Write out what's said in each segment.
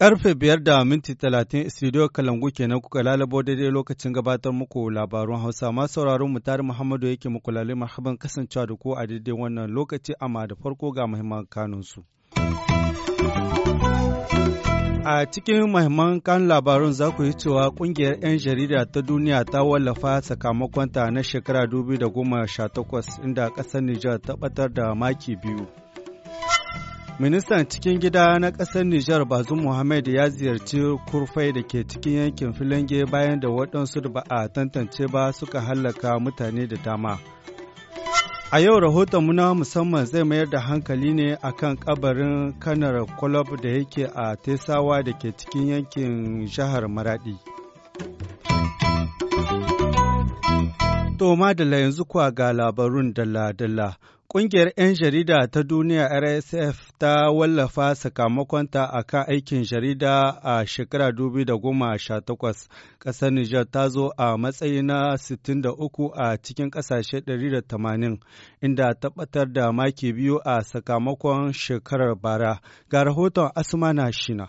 Karfe biyar da minti talatin studio Kalangu kenan kuka lalabo daidai lokacin gabatar muku labarun Hausa. Ma sauraron mutari Muhammadu yake muku lalai marhaban kasancewa da ku a daidai wannan lokaci amma da farko ga muhimman kanunsu. A cikin mahimman kan labarun za ku yi cewa kungiyar 'yan jarida ta duniya ta wallafa sakamakonta na shekara 2018 inda ƙasar Nijar ta ɓatar da maki biyu. Ministan cikin gida na ƙasar Nijar Bazum Muhammad ya ziyarci kurfai da ke cikin yankin Filange bayan da waɗansu da ba a tantance ba suka hallaka mutane da dama. A yau rahoton muna musamman zai mayar da hankali ne akan kabarin kanar kwalab da yake a Tesawa da ke cikin yankin jihar Maradi. To da yanzu kuwa ga labarun dalla-dalla. Ƙungiyar 'yan jarida ta duniya RSF ta wallafa sakamakonta a kan aikin jarida a shekara 2018. Ƙasar Nijar ta zo a matsayi na 63 a cikin ƙasashe 180, inda ta ɓatar da maki biyu a sakamakon shekarar bara. Ga rahoton Asmana Shina.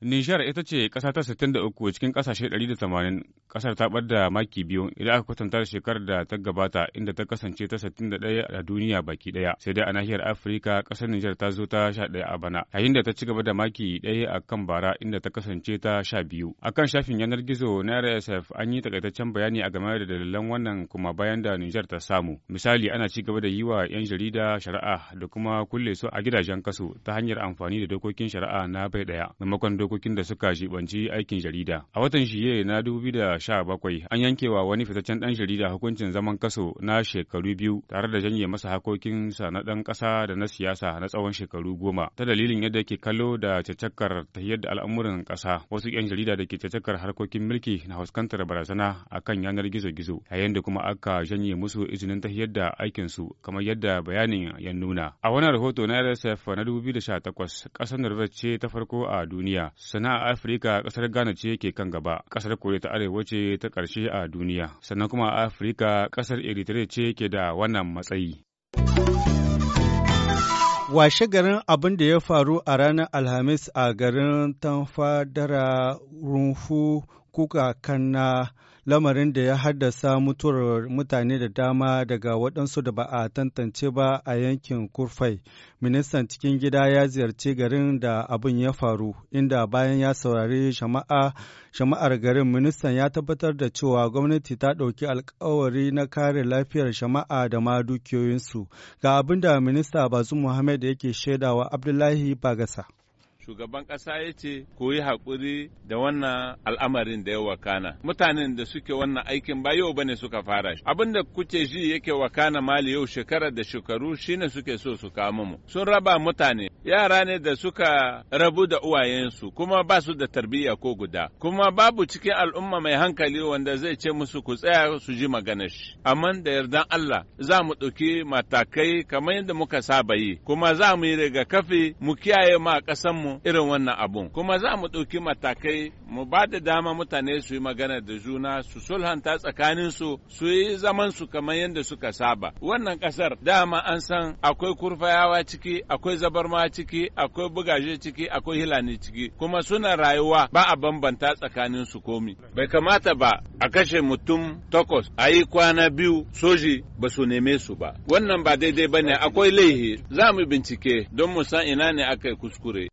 Nijar ita ce ƙasa ta 63 cikin ƙasashe 180 kasar ta ɓadda maki biyu idan aka kwatanta shekarar da ta gabata inda ta kasance ta 61 a duniya baki ɗaya sai dai a nahiyar Afirka kasar Nijar ta zo ta 11 a bana yayin da ta ci gaba da maki daya a kan bara inda ta kasance ta 12 a kan shafin yanar gizo na RSF an yi takaitaccen bayani a game da dalilan wannan kuma bayan da Nijar ta samu misali ana ci gaba da yi wa 'yan jarida shari'a da kuma kulle su a gidajen kasu ta hanyar amfani da dokokin shari'a na bai ɗaya maimakon dokokin da suka jibanci aikin jarida. A watan Shiye na 2017 an yankewa wani fitaccen dan jarida hukuncin zaman kaso na shekaru biyu tare da janye masa hakokinsa na dan kasa da na siyasa na tsawon shekaru goma. Ta dalilin yadda ke kallo da cacakar ta yadda al'amuran kasa wasu 'yan jarida da ke cacakar harkokin mulki na fuskantar barazana a kan yanar gizo-gizo yayin da kuma aka janye musu izinin ta yadda aikinsu kamar yadda bayanin ya nuna. A wani rahoto na RSF na 2018 ƙasar Norvege ce ta farko a duniya Sana'a Afirka ƙasar Ghana ce ke kan gaba, ƙasar Koriya ta Arewa ce ta ƙarshe a duniya, sannan kuma Afirka ƙasar Eritrea ce ke da wannan matsayi. Washe garin abin da ya faru a ranar Alhamis a garin Tanfadara Rumfu Kuka Kanna lamarin da ya haddasa mutuwar mutane da dama daga waɗansu da ba a tantance ba a yankin Kurfai. Ministan cikin gida ya ziyarci garin da abin ya faru, inda bayan ya saurari shama'ar garin ministan ya tabbatar da cewa gwamnati ta ɗauki alkawari na kare lafiyar shama'a da ma dukiyoyinsu. Ga abin da minista Bazu Muhammad yake shaidawa Abdullahi Bagasa. shugaban ƙasa ya ce ku yi haƙuri da wannan al'amarin da ya wakana mutanen da suke wannan aikin ba yau bane suka fara shi abin da kuke ji yake wakana mali yau shekara da shekaru shine suke so su kama mu sun raba mutane yara ne da suka rabu da uwayensu kuma ba su da tarbiyya ko guda kuma babu cikin al'umma mai hankali wanda zai ce musu ku tsaya su ji maganar shi amma da yardan Allah za mu ɗauki matakai kamar yadda muka saba yi kuma za mu yi riga kafi mu kiyaye ma ƙasanmu irin wannan abun kuma za mu ɗauki matakai mu ba da dama mutane su yi magana da juna su sulhanta tsakanin su su yi zaman su kamar yadda suka saba wannan ƙasar dama an san akwai kurfayawa ciki akwai zabarma ciki akwai bugaje ciki akwai hilani ciki kuma suna rayuwa ba a bambanta tsakanin su komi bai kamata ba a kashe mutum takwas a yi kwana biyu soji ba su neme su ba wannan ba daidai ba ne akwai laihi za mu bincike don mu san ina ne aka yi kuskure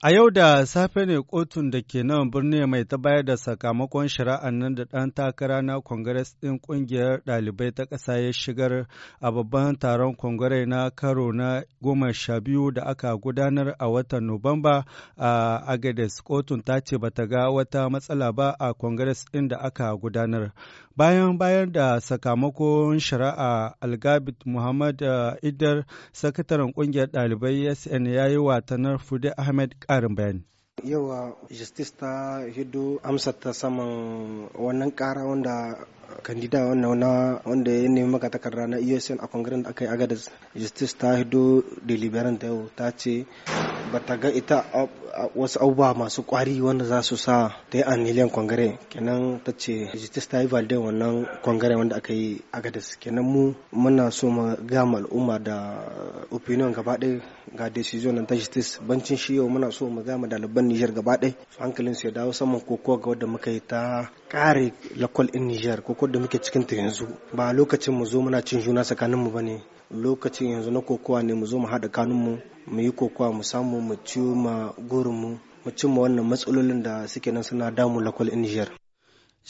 A yau da safe ne kotun da ke nan birni mai ta bayar da sakamakon shari'a nan da ɗan takara na Kongres ɗin ƙungiyar ɗalibai ta ƙasa ya shigar a babban taron Kongres na karo na goma sha biyu da aka gudanar a watan Nuwamba a Agades. Kotun ta ce bata ga wata matsala ba a Kongres ɗin da aka gudanar. Bayan bayar da sakamakon shari'a Algabit Muhammad eh, Idar, sakataren ƙungiyar ɗalibai SN ya yi watanar Fude Ahmed ƙarin bayani. Yawa justice ta hidu amsa ta saman wannan ƙara wanda kandida wannan wanda ya nemi maka takarda na USN e a kongren da aka yi agadis justice ta hidu deliberant yau ta ce ba ta ga ita wasu abubuwa masu kwari wanda za su sa ta yi aniliyan kwangare kenan ta ce jitis ta yi valde wannan kwangare wanda aka yi agadis kenan mu muna so mu gama al'umma da opinion gaba ɗaya ga decision nan ta justice bancin shi yau muna so mu gama ɗaliban Niger gaba ɗaya su hankalin su ya dawo saman koko ga wadda muka yi ta kare lakwal in Niger koko da muke cikin ta yanzu ba lokacin mu zo muna cin juna tsakanin mu ba ne. lokacin yanzu na kokowa ne mu zo mu haɗa kanunmu mu yi kokowa mu samu mu ciwo ma gurinmu mu cimma wannan matsalolin da suke nan suna damu lakwal injiyar.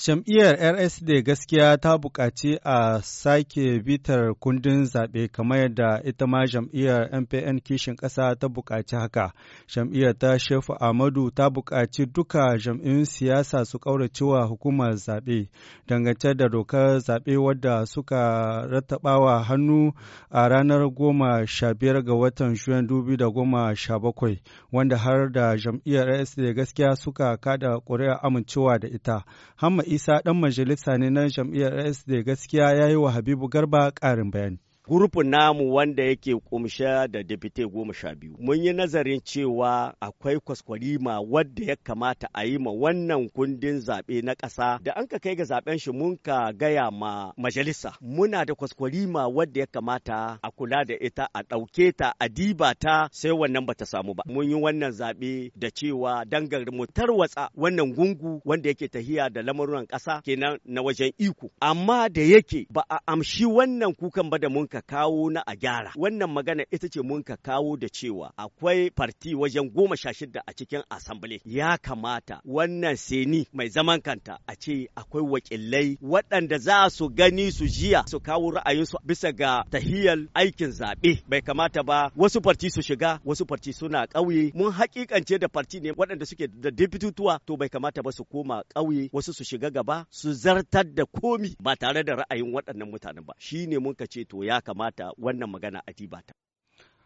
Jam'iyyar RSD gaskiya ta buƙaci a sake bitar kundin zaɓe kamar yadda ita ma jam'iyyar MPN kishin ƙasa ta buƙaci haka. Jam'iyyar ta Shefu Ahmadu ta buƙaci duka jam'in siyasa su ƙauracewa hukumar zaɓe dangance da dokar zaɓe wadda suka rattabawa hannu a ranar goma sha biyar ga watan Juyan dubi da goma sha bakwai wanda har da jam'iyyar RSD gaskiya suka kada ƙuri'a amincewa da ita. Hamma Isa ɗan majalisa ne na jam'iyyar SD gaskiya ya yi wa Habibu Garba ƙarin bayani. gurufin namu wanda yake kumshe da dabite goma sha biyu mun yi nazarin cewa akwai kwaskwarima wadda ya kamata a yi ma wannan kundin zaɓe na ƙasa da an ka kai ga zaɓen shi mun ka gaya ma majalisa muna da kwaskwarima wadda ya kamata a kula da ita a ɗauke ta a diba ta sai wannan bata samu ba mun yi wannan zaɓe da cewa dangar mu tarwatsa wannan gungu wanda yake tahiya da lamarunan ƙasa kenan na wajen iko amma da yake ba a amshi wannan kukan ba da mun ka kawo na a gyara wannan magana ita ce mun ka kawo da cewa akwai farti wajen goma sha shida a cikin asambale ya kamata wannan seni mai zaman kanta a ce akwai wakilai waɗanda za su gani su jiya su kawo ra'ayinsu bisa ga tahiyar aikin zaɓe bai kamata ba wasu farti su shiga wasu farti suna ƙauye mun hakikance da farti ne waɗanda suke da dibitutuwa to bai kamata ba su koma ƙauye wasu su shiga gaba su zartar da komi ba tare da ra'ayin waɗannan mutanen ba shine mun ka ce to ya kamata wannan magana a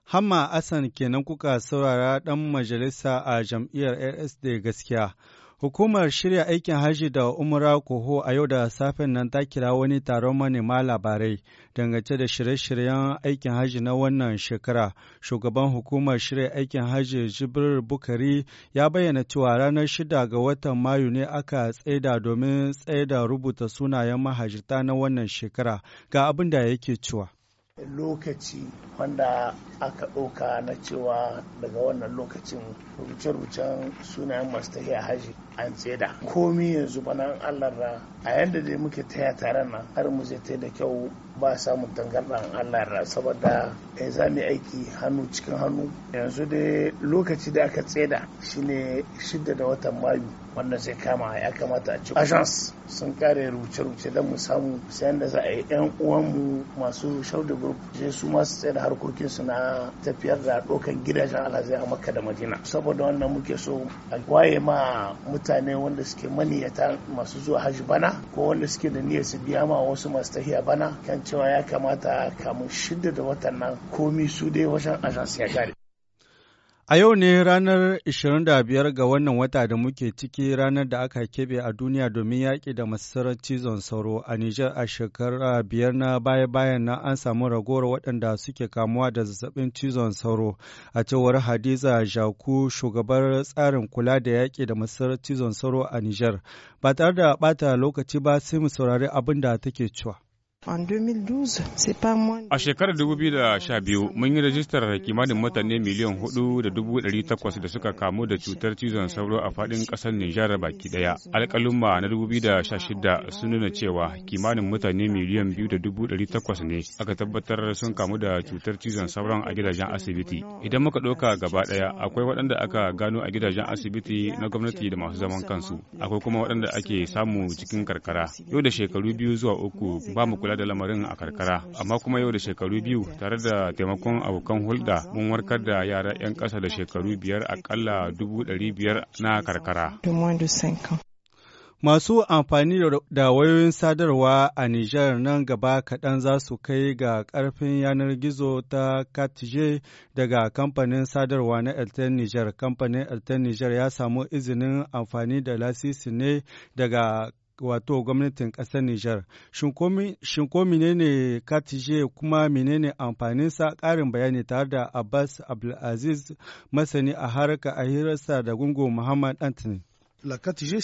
Hamma Hassan kenan kuka saurara ɗan majalisa a jam'iyyar da gaskiya. Hukumar shirya aikin hajji da umura Koho a yau da safen nan ta kira wani taron manema labarai dangance da shirye-shiryen aikin hajji na wannan shekara. Shugaban hukumar shirya aikin hajji Jibril Bukari ya bayyana cewa ranar shida ga watan Mayu ne aka tsaida domin tsaida rubuta sunayen mahajirta na wannan shekara ga abin da yake cewa. lokaci wanda aka ɗauka na cewa daga wannan lokacin rubuce-rubucen sunayen masu tafiya haji an tseda komi yanzu bana allah ra a yadda dai muke taya tare nan har mu zai da kyau ba samun tangarɗan allah ra saboda ya za mu aiki hannu cikin hannu yanzu dai lokaci da aka tseda shine shidda da watan mayu wannan zai kama ya kamata a ci Agence sun kare rubuce-rubuce don mu samu sayan da za a yi yan uwanmu masu shauda group je su masu tsaye da harkokin su na tafiyar da dokan gidajen alhazai a makka da madina saboda wannan muke so a waye ma mutane wanda suke maniyata masu zuwa hajji bana ko wanda suke da niyyar su biya ma wasu masu tafiya bana kan cewa ya kamata kamun shidda da watan nan komi su dai wajen agence ya kare A yau ne ranar 25 ga wannan wata da muke ciki ranar da aka keɓe a duniya domin yaƙi da masarar cizon sauro a Nijar a shekara biyar na baya-bayan na an samu ragowar waɗanda suke kamuwa da zazzabin cizon sauro. A cewar Hadiza Jaku shugabar tsarin kula da yaƙi da masarar cizon sauro a Nijar. Ba tare da ɓata lokaci ba sai mu saurari abin da take cewa. A shekarar 2012 mun yi rajistar kimanin mutane miliyan 4,800 da suka kamu da cutar cizon sauro a faɗin ƙasar Nijar baki ɗaya. Alƙalumma na 2016 sun nuna cewa kimanin mutane miliyan 2,800 ne aka tabbatar sun kamu da cutar cizon sauron a gidajen asibiti. Idan muka ɗauka gaba ɗaya akwai waɗanda aka gano a gidajen asibiti na gwamnati da masu zaman kansu. Akwai kuma waɗanda ake samu cikin karkara. Yau da shekaru biyu zuwa uku ba mu kula kula da lamarin a karkara amma kuma yau da shekaru biyu tare da taimakon abokan hulɗa mun warkar da yara 'yan ƙasa da shekaru biyar akalla dubu ɗari biyar na karkara Masu amfani da wayoyin sadarwa a Nijar nan gaba kaɗan za su kai ga ƙarfin yanar gizo ta Katije daga kamfanin sadarwa na Elten Nijar. Kamfanin Elten Nijar ya samu izinin amfani da lasisi ne daga wato gwamnatin ƙasar Nijar. Shin ko menene katije kuma menene amfaninsa ƙarin bayani tare da Abbas Abdulaziz masani a harka a hirarsa da gungun Muhammad Antony. Katije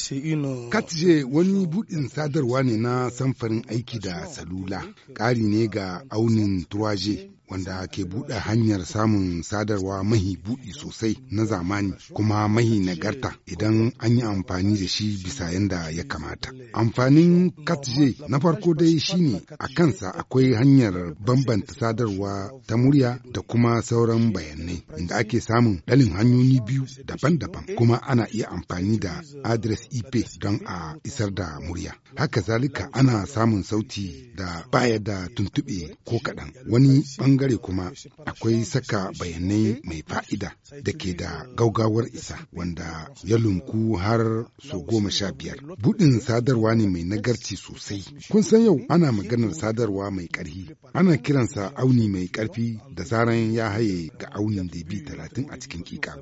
wani buɗin sadarwa ne na samfarin aiki da salula, ƙari ne ga aunin turaje. wanda ke buɗe hanyar samun sadarwa mahi buɗi sosai na zamani kuma mahi nagarta idan an yi amfani da shi bisa yadda ya kamata. Amfanin katje na farko dai shine a kansa akwai hanyar bambanta sadarwa ta murya da kuma sauran bayanai inda ake samun ɗalin hanyoyi biyu daban-daban kuma ana iya amfani da adres IP don a isar da murya. Haka zalika ana samun sauti da baya da tuntuɓe ko kaɗan wani ɓangare bangare kuma akwai saka bayanai mai fa'ida da ke da gaugawar isa wanda ya lunku har su goma sha biyar. Buɗin sadarwa ne mai nagarci sosai. Kun san yau ana maganar sadarwa mai ƙarfi. Ana kiransa auni mai ƙarfi da zaran ya haye ga aunin bi talatin a cikin ƙiƙa.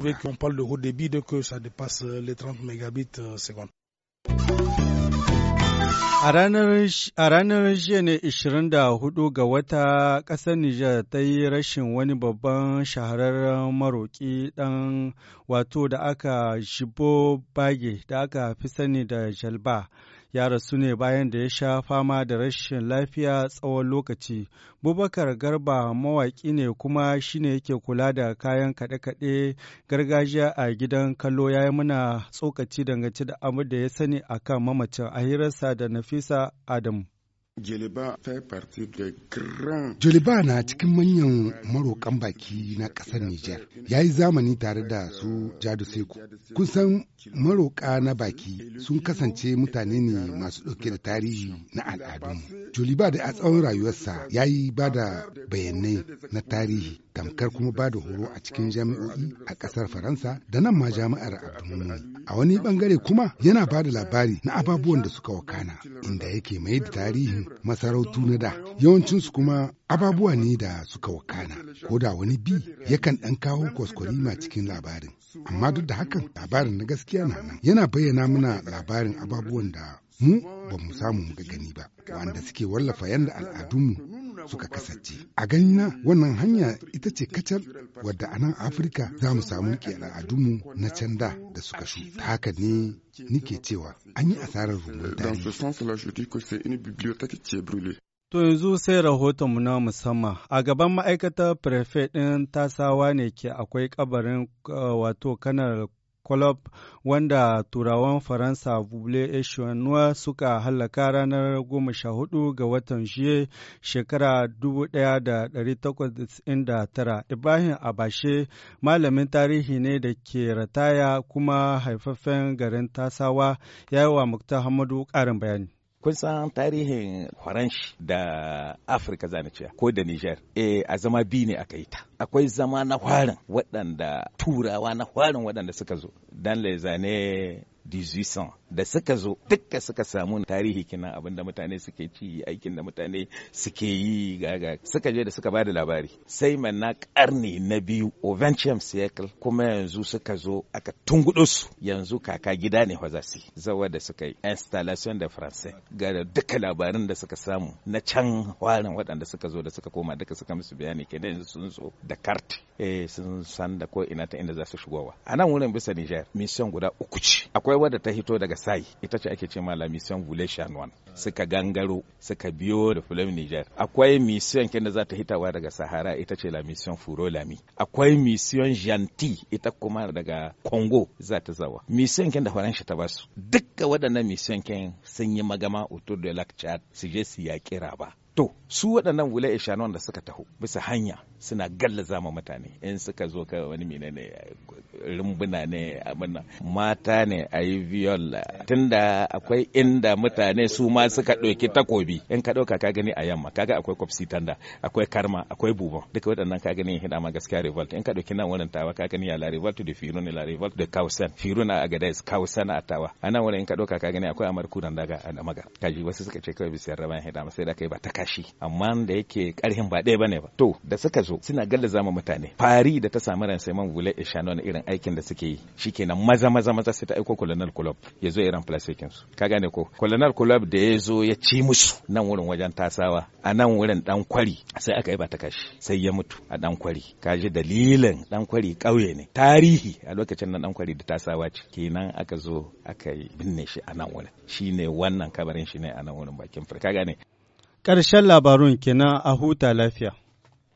A ranar jiya ne 24 ga wata ƙasar Nijar ta yi rashin wani babban shahararren maroƙi ɗan wato da aka shibo bage da aka fi sani da jalba. ya rasu ne bayan da ya sha fama da rashin lafiya tsawon lokaci. Bubakar Garba mawaki ne kuma shine yake kula da kayan kaɗe-kaɗe gargajiya a gidan kallo ya yi muna tsokaci dangance da abu da ya sani akan mamacin ahirarsa da Nafisa Adamu. Joliba na cikin manyan marokan baki na ƙasar Nijar. Ya yi zamani tare da su Jadu Seku. Kun maroka na baki sun kasance mutane ne masu ɗauke da tarihi na al'adunmu. Joliba da a tsawon rayuwarsa ya yi ba da bayanai na tarihi tamkar kuma ba da horo a cikin jami'o'i a ƙasar Faransa da nan ma jami'ar Abdulmumin. A wani ɓangare kuma yana ba da labari na ababuwan da suka wakana inda yake mai da tarihin masarautu na da yawancinsu kuma ababuwa ne da suka wakana ko da wani bi yakan ɗan kawo kwaskwarima cikin labarin amma duk da hakan labarin na gaskiya na nan yana bayyana mana labarin ababuwan da mu ba mu samu muka gani ba wanda suke wallafa yadda al'adunmu suka kasance. A ganina wannan hanya ita ce kacal wadda a nan Afirka za mu samu ke al'adunmu na can da da suka shu. Ta haka ne nike cewa an yi asarar rumbun tarihi. To yanzu sai rahotonmu na musamman a gaban ma'aikatar prefet ɗin tasawa ne ke akwai kabarin eh, wato kanar Club wanda turawan Faransa Buble Echouanoua suka hallaka ranar 14 ga watan Juye shekara 1899. Ibrahim Abashe malamin tarihi ne da ke rataya kuma haifafen garin Tasawa ya yi wa Mukta Hamadu ƙarin bayani. kun san tarihin faransh da afirka zane cewa. ko da niger eh a zama bi ne aka yi ta akwai zama na hwarin waɗanda turawa na hwarin waɗanda suka zo dan le zane 1800 da suka zo dukka suka samu tarihi kinan abinda da mutane suke ci aikin da mutane suke yi gaga suka je da suka bada labari sai na karni na biyu ovancium circle kuma yanzu suka zo aka tungudo su yanzu kaka gida ne zasu zawa da suka yi installation da france ga duka labarin da suka samu na can warin waɗanda suka zo da suka koma duka suka musu bayani kenan yanzu sun zo da kart eh sun san da ko ina ta inda za su shigowa a wurin bisa Niger mission guda uku ce akwai akwai wadda ta hito daga sai ita ce ake ce ma la mission voulait chanuan suka gangaro suka biyo da fulani niger akwai mission kin da za ta hitawa daga sahara ita ce la mission furo akwai mission janti ita kuma daga congo za ta zawa mission kin da faransa ta basu dukkan waɗannan mission kin sun yi magama autour de lac chad su je su yaƙi raba to su waɗannan wula ishanu wanda suka taho bisa hanya suna gallaza ma mutane in suka zo ka wani mine ne rumbuna ne abinna mata ne a yi viola tunda akwai inda mutane su ma suka ɗauki takobi in ka ɗauka ka gani a yamma kaga akwai kwafsi tanda akwai karma akwai buban duka waɗannan ka gani hida ma gaskiya revolt in ka ɗauki nan wurin tawa ka gani ya la revolt da firuna la revolt da kausan firuna a gadais kausan a tawa a nan wurin in ka ɗauka ka gani akwai amarku daga a maga kaji wasu suka ce kawai bisiyar raban hida ma sai da kai ba ta shi amma da yake karhin ba ɗaya bane ba to da suka zo suna gallaza zama mutane fari da ta samu ran man Vule Ishano na irin aikin da suke yi shikenan maza maza maza sai ta aiko Colonel Club ya zo irin plastikin su ka gane ko Colonel Club da ya zo ya ci musu nan wurin wajen tasawa a nan wurin dan kwari sai aka yi ba ta kashi sai ya mutu a dan kwari kaji dalilin dan kwari kauye ne tarihi a lokacin nan dan kwari da tasawa ce kenan aka zo aka binne shi a nan wurin shine wannan kabarin shi ne a nan wurin bakin ka gane Ƙarshen labarun kenan a huta lafiya.